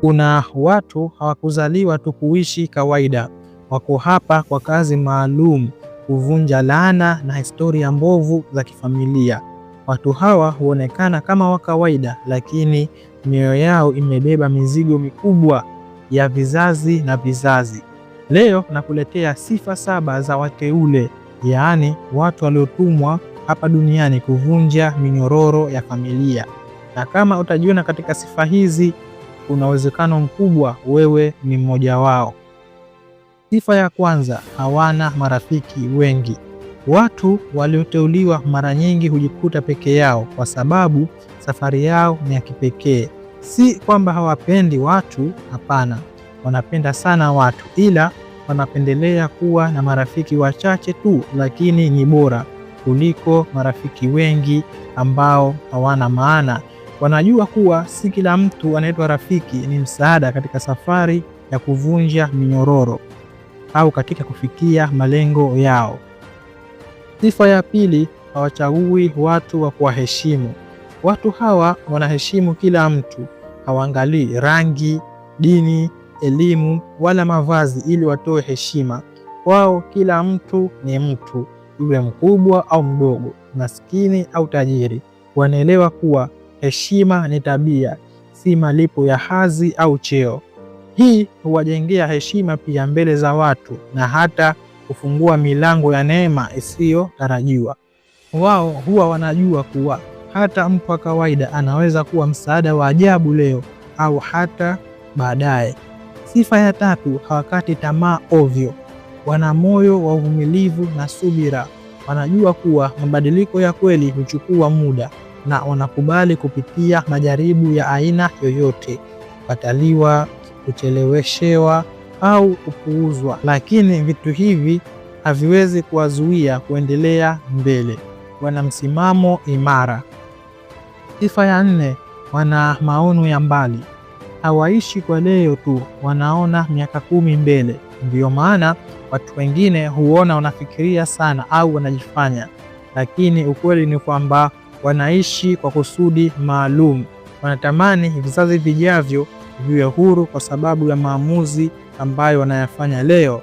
Kuna watu hawakuzaliwa tu kuishi kawaida, wako hapa kwa kazi maalum, kuvunja laana na historia mbovu za kifamilia. Watu hawa huonekana kama wa kawaida, lakini mioyo yao imebeba mizigo mikubwa ya vizazi na vizazi. Leo nakuletea sifa saba za wateule, yaani watu waliotumwa hapa duniani kuvunja minyororo ya familia, na kama utajiona katika sifa hizi kuna uwezekano mkubwa wewe ni mmoja wao. Sifa ya kwanza, hawana marafiki wengi. Watu walioteuliwa mara nyingi hujikuta peke yao kwa sababu safari yao ni ya kipekee. Si kwamba hawapendi watu, hapana, wanapenda sana watu, ila wanapendelea kuwa na marafiki wachache tu, lakini ni bora kuliko marafiki wengi ambao hawana maana. Wanajua kuwa si kila mtu anaitwa rafiki ni msaada katika safari ya kuvunja minyororo au katika kufikia malengo yao. Sifa ya pili, hawachagui watu wa kuwaheshimu. Watu hawa wanaheshimu kila mtu, hawaangalii rangi, dini, elimu wala mavazi ili watoe heshima. kwao kila mtu ni mtu, iwe mkubwa au mdogo, maskini au tajiri. Wanaelewa kuwa Heshima ni tabia, si malipo ya hadhi au cheo. Hii huwajengea heshima pia mbele za watu na hata kufungua milango ya neema isiyotarajiwa. Wao huwa wanajua kuwa hata mtu wa kawaida anaweza kuwa msaada wa ajabu leo au hata baadaye. Sifa ya tatu, hawakati tamaa ovyo. Wana moyo wa uvumilivu na subira. Wanajua kuwa mabadiliko ya kweli huchukua muda na wanakubali kupitia majaribu ya aina yoyote, kukataliwa, kucheleweshewa au kupuuzwa, lakini vitu hivi haviwezi kuwazuia kuendelea mbele. Wana msimamo imara. Sifa ya nne, wana maono ya mbali. Hawaishi kwa leo tu, wanaona miaka kumi mbele. Ndiyo maana watu wengine huona wanafikiria sana au wanajifanya, lakini ukweli ni kwamba wanaishi kwa kusudi maalum, wanatamani vizazi vijavyo viwe huru kwa sababu ya maamuzi ambayo wanayafanya leo.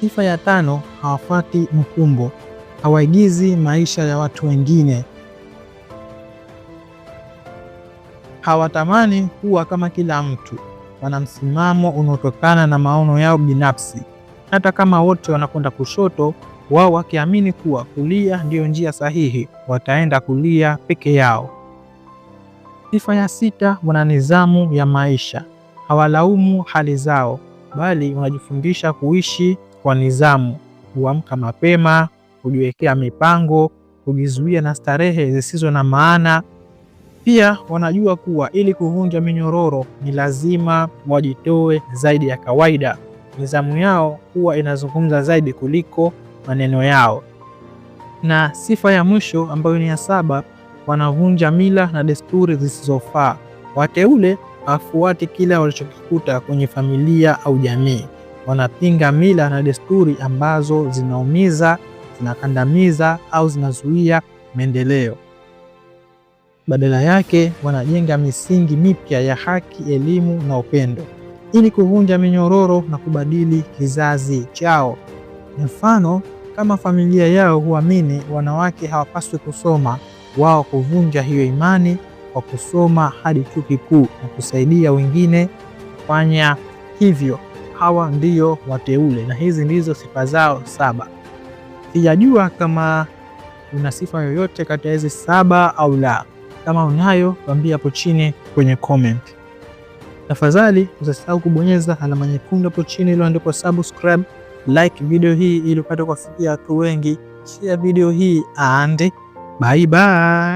Sifa ya tano, hawafuati mkumbo, hawaigizi maisha ya watu wengine, hawatamani kuwa kama kila mtu, wana msimamo unaotokana na maono yao binafsi, hata kama wote wanakwenda kushoto wao wakiamini kuwa kulia ndiyo njia sahihi, wataenda kulia peke yao. Sifa ya sita, wana nidhamu ya maisha. Hawalaumu hali zao, bali wanajifundisha kuishi kwa nidhamu, kuamka mapema, kujiwekea mipango, kujizuia na starehe zisizo na maana. Pia wanajua kuwa ili kuvunja minyororo ni lazima wajitoe zaidi ya kawaida. Nidhamu yao huwa inazungumza zaidi kuliko maneno yao. Na sifa ya mwisho ambayo ni ya saba, wanavunja mila na desturi zisizofaa. Wateule hawafuati kila walichokikuta kwenye familia au jamii. Wanapinga mila na desturi ambazo zinaumiza, zinakandamiza au zinazuia maendeleo. Badala yake wanajenga misingi mipya ya haki, elimu na upendo ili kuvunja minyororo na kubadili kizazi chao. Mfano, kama familia yao huamini wanawake hawapaswi kusoma, wao kuvunja hiyo imani kwa kusoma hadi chuo kikuu na kusaidia wengine kufanya hivyo. Hawa ndio wateule na hizi ndizo sifa zao saba. Sijajua kama una sifa yoyote kati ya hizi saba au la. Kama unayo, tuambie hapo chini kwenye comment. Tafadhali usisahau kubonyeza alama nyekundu hapo chini iliyoandikwa subscribe like video hii ili upate kuwafikia watu wengi. Share video hii and bye bye.